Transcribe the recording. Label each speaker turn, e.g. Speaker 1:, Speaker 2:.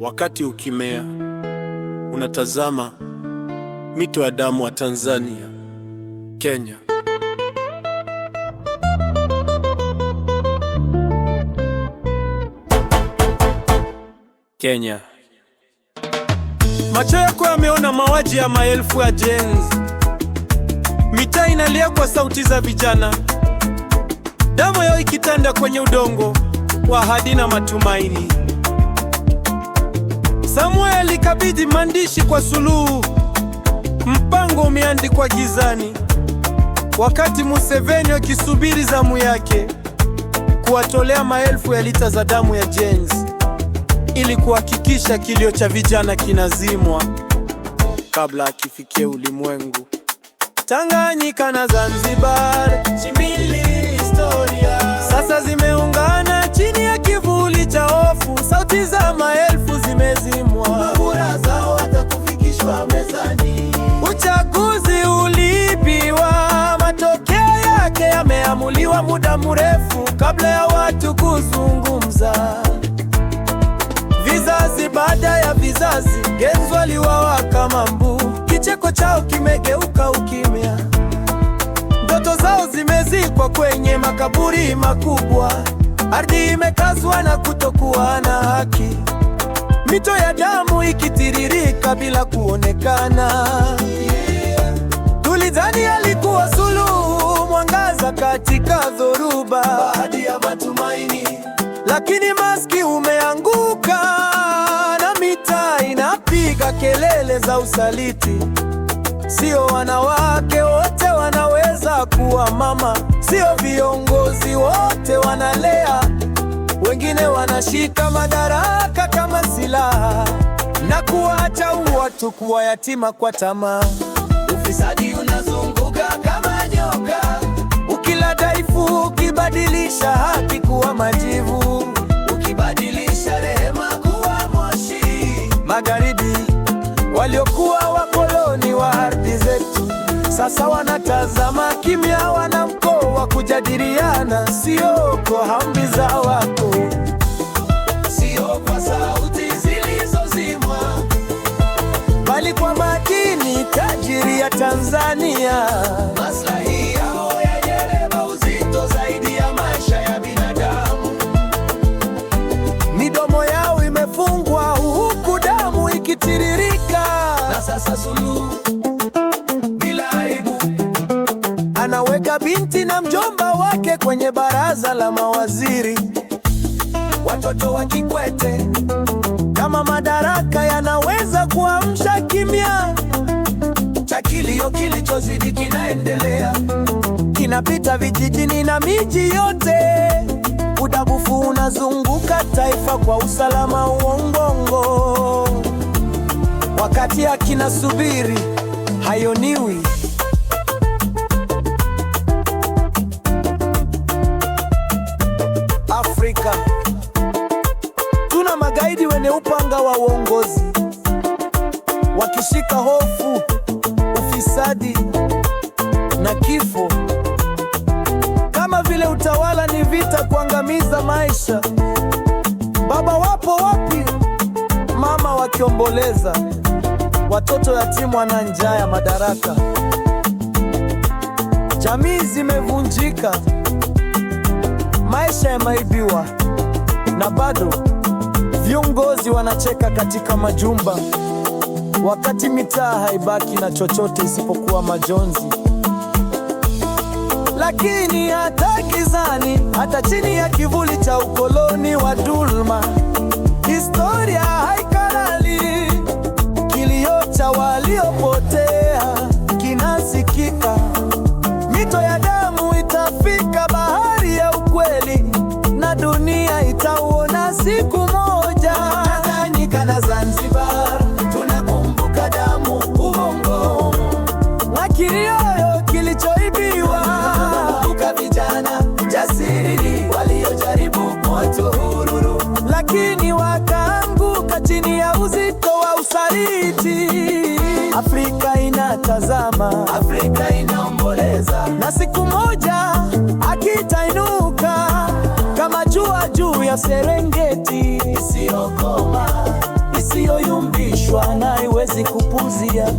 Speaker 1: Wakati ukimea, unatazama mito ya damu wa Tanzania, Kenya. Kenya. Macho yako yameona mauaji ya maelfu ya jenzi. Mitaa inalia kwa sauti za vijana, damu yao ikitanda kwenye udongo wa ahadi na matumaini. Samueli ikabidi maandishi kwa Suluhu, mpango umeandikwa gizani, wakati Museveni akisubiri zamu yake kuwatolea maelfu ya lita za damu ya jenzi ili kuhakikisha kilio cha vijana kinazimwa kabla akifikie ulimwengu. Tanganyika na Zanzibar sasa zimeungana chini ya kivuli cha hofu, sauti za zimezimwa, mabura zao watakufikishwa mezani. Uchaguzi uliibiwa, matokeo yake yameamuliwa muda mrefu kabla ya watu kuzungumza. Vizazi baada ya vizazi, genzi waliwawa kama mbu, kicheko chao kimegeuka ukimya, ndoto zao zimezikwa kwenye makaburi makubwa. Ardhi imekazwa na kutokuwa na haki mito ya damu ikitiririka bila kuonekana. Tulidhani alikuwa suluhu, mwangaza katika dhoruba, baadhi ya matumaini, lakini maski umeanguka na mitaa inapiga kelele za usaliti. Sio wanawake wote wanaweza kuwa mama, sio viongozi wote wanalea wengine wanashika madaraka kama silaha na kuwaacha watu kuwa yatima kwa tamaa. Ufisadi unazunguka kama nyoka, ukila dhaifu, ukibadilisha haki kuwa majivu, ukibadilisha rehema kuwa moshi. Magharibi waliokuwa wakoloni wa ardhi zetu sasa wanatazama kimya, wa kujadilia hii ni tajiri ya Tanzania. Maslahi yao yajebeba uzito zaidi ya maisha ya binadamu. Midomo yao imefungwa huku damu ikitiririka, na sasa Suluhu bila aibu anaweka binti na mjomba wake kwenye baraza la mawaziri. Watoto wa Kikwete kama madaraka ya Unapita vijijini na miji yote, udabufu unazunguka taifa kwa usalama uongongo, wakati akina hayoniwi Afrika tuna magaidi wenye upanga wa uongozi, wakishika hofu, ufisadi na kifo vile utawala ni vita kuangamiza maisha. Baba wapo wapi? Mama wakiomboleza, watoto yatima wana njaa ya madaraka. Jamii zimevunjika, maisha yameibiwa, na bado viongozi wanacheka katika majumba, wakati mitaa haibaki na chochote isipokuwa majonzi lakini hata kizani, hata chini ya kivuli cha ukoloni wa dulma maskini wakaanguka chini ya uzito wa usaliti. Afrika inatazama, Afrika inaomboleza, na siku moja akitainuka kama jua juu ya Serengeti isiyokoma, isiyoyumbishwa na iwezi kupuzia.